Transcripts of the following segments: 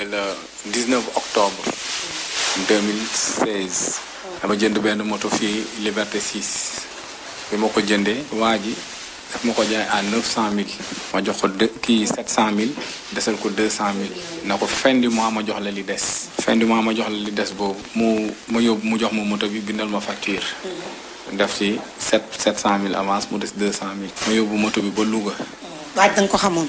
Euh, le 19 octobre 2016 dama jënd benn moto fi Liberté 6 bi ma ko jëndee waa ji daf ma ko jaay à mille ma jox ko kii 700000 desal ko cent 200000 na ko fin du ma jox la li des fin du ma jox la des boobu mu ma yóbbu mu jox ma moto bi bindal ma facture def ci cent mille avance mu des deux cent mille ma yóbbu moto bi ba Louga waaj danga ko xamoon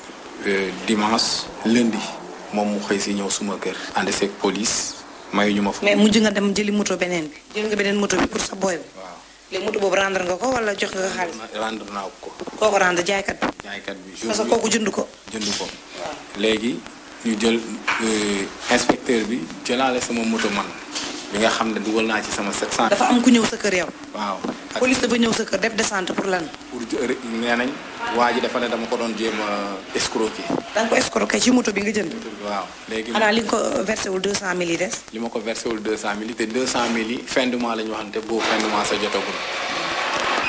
Euh, dimanche lundi moom mu xëy si ñëw suma kër. ànd seeg police mayuñu ma fa. mais mujj nga dem jëli moto beneen bi. jël nga beneen moto bi pour sa booy bi. waaw léegi moto boobu rendre wala jox nga xaalis. rendre naa ko. kooku rendre jaaykat bi. jaaykat bi jour parce que kooku jënd ko. jënd ko léegi ñu jël euh, inspecteur bi jëlaale sama moto man bi nga xam ne dugal naa ci sama 700. dafa am ku ñëw sa kër yow. police dafa ñëw sa def descente pour lan. pour euh, nee nañ waa ji dafa ne dama ko doon jéem a escroquer. da nga ko escroquer ci moto bi nga jënd. waaw léegi. xanaa li nga ko versé wul deux cent mille yi des. li ma ko versé wul deux cent mille yi te deux cent mille yi fin du mois la ñu waxante boobu fin du mois sa jotagul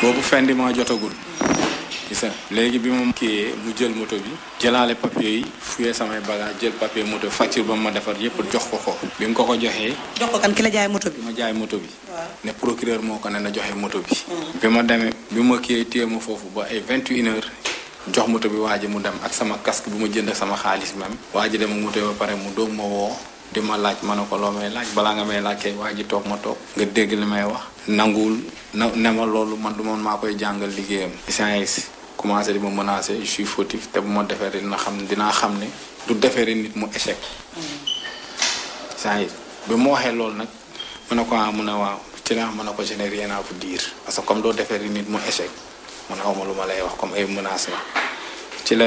boobu fin jotagul. ci simple léegi bi moom kiyee mu jël moto bi jëlaale papier yi fuyee samay bagage jël papier moto facture ba mu ma defar yëpp jox ko ko bi mu ko ko joxee jox ko kan ki la jaay moto bi ma jaay moto bi ne procureur moo ko ne na joxe moto bi mm. ma demee bi ma kiyee téye ma foofu ba ay vingt et une heures jox moto bi waa ji mu dem ak sama casque bu ma jënd sama xaalis même waa ji dem ak moto bi ba pare mu doog ma woo di ma laaj ma ne ko loo may laaj balaa nga may laaj kay waa ji toog ma toog nga dégg li may wax nanguwul na ne ma loolu man du ma maa koy jàngal liggéeyam. commencé di ma menacer je suis fautif te bu ma defee dina xam dinaa xam ne du defee nit mu échec. saa yi bi mu waxee loolu nag mu ne ko ah mu ne waaw ci laa ma ne ko je n'ai rien à vous dire parce que comme doo defee nit mu échec man xaw ma lu ma lay wax comme ay menaces la ci la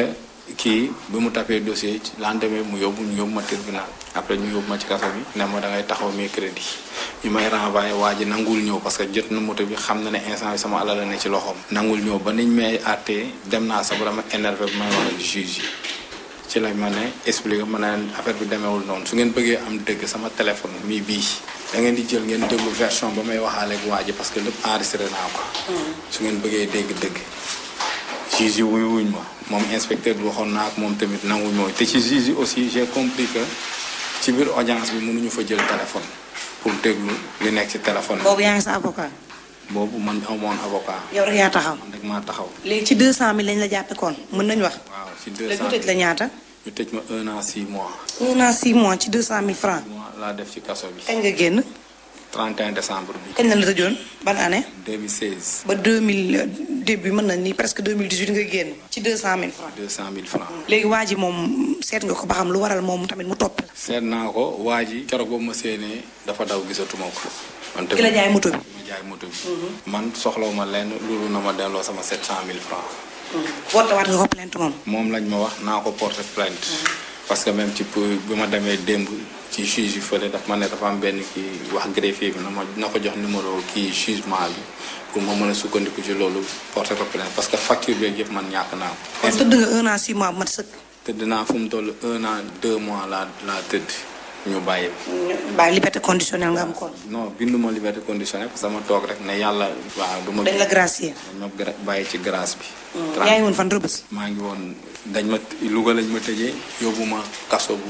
kii bi mu tapé dossier ci lendemain mu yóbbu ñu yóbbu ma tribunal après ñu yóbbu ma ci kaso bi ne ma da ngay taxaw mes crédits. ñu may renvoyé waa ji nangul ñëw parce que jot na moto bi xam na ne instant bi sama alal la ne ci loxoom nangul ñëw ba niñ may àttee dem naa sax ba dama énervé bu may wax ak yi ci lañ ma ne expliqué ma ne affaire bi demeewul noonu su ngeen bëggee am dëgg sama téléphone mii bii da ngeen di jël ngeen déglu version ba may waxaaleeg waa ji parce que lépp enregistré naa ko hmm. su ngeen bëggee dégg dëgg juge yi wuyu wuñ ma moom inspecteur bi waxoon naa ak moom tamit nanguñ ma te ci juge aussi j'ai compris ci biir audience bi mënuñu fa jël téléphone pour déglu li nekk ci téléphone. boobu yaa ngi sa avocat. boobu man amoon avocat. yow rek yaa taxaw man rek maa taxaw. léegi ci la jàppee kon mën nañu wax. waaw tëj la ñaata. ñu tëj ma un an six mois. un an six mois ci 200000 francs. laa def ci kaso bi. kañ nga génn. 31 décembre bi. kañ la la tëjoon ban année. 2016. ba début mën nañ ni presque 2018 nga génn ci 200000 francs 200000 francs léegi waa ji moom seet nga ko ba xam lu waral moom tamit mu topp la seet naa ko waa ji keroog ma séenee dafa daw gisatuma ko man ki la jaay moto bi ma jaay moto mhm. man soxlaw ma lenn loolu na ma delloo sama 700000 francs porté mhm. waat nga ko plainte moom lañ ma wax naa ko porté plainte mhm. parce que même ci pour bi ma demee démb ci juge yi fële daf ma ne dafa am benn kii wax greffier bi na ma na ko jox numéro kii jugement bi pour ma mën a sukkandiku ci loolu porter ko plainte parce que facture beeg yëpp man ñàkk naa ko. kon tëdd nga un an six mois mat sëkk. tëdd naa fu mu toll un an deux mois laa laa tëdd. ñu bàyyi. ba liberté conditionnelle nga am kon. no bindu ma liberté conditionnelle parce que toog rek ne yàlla. waa du ma. dañ la gracier. dañ bàyyi ci grâce bi. Hmm. yaa ngi woon fan rëbës. maa ngi woon dañ ma Louga lañ ma tëjee yóbbu ma kaso bu.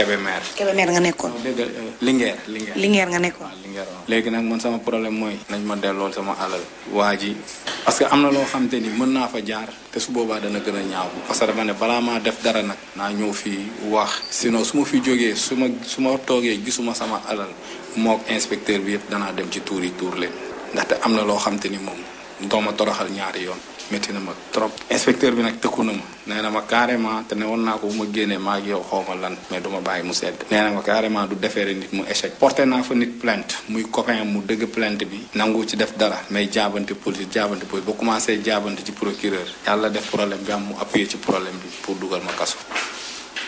Kébémer. Kébémer nga nekkoon. dégg euh, Linguère Linguère. Linguère nga nekkoon. waaw Linguère léegi nag man sama problème mooy. nañ ma dellool sama alal. waa ji parce que am na loo xam te ni mën naa fa jaar te su boobaa dana gën a ñaaw parce que dama ne balaa maa def dara nag. naa ñëw fii wax si sinon su ma fi jógee su ma su ma toogee gisuma sama alal mook inspecteur bi yëpp danaa dem ci tuur yi tuur leen ndaxte am na loo xam te ni moom ma toroxal ñaari yoon. métti na ma trop inspecteur bi nag tëkku na ma nee na ma carrément te ne woon naa ko bu ma génnee maa yow xaw ma lan mais du ma bàyyi mu sedd nee na ma carrément du defeere nit mu échec porté naa fa nit plant muy copain mu dëgg plainte bi nangu ci def dara mais jaabante police jaabante police ba commencé jaabante ci procureur yàlla def problème bi am mu appuyé ci problème bi pour dugal ma kaso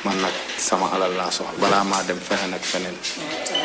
man nag sama alal laa soxla balaa maa dem feneen ak feneen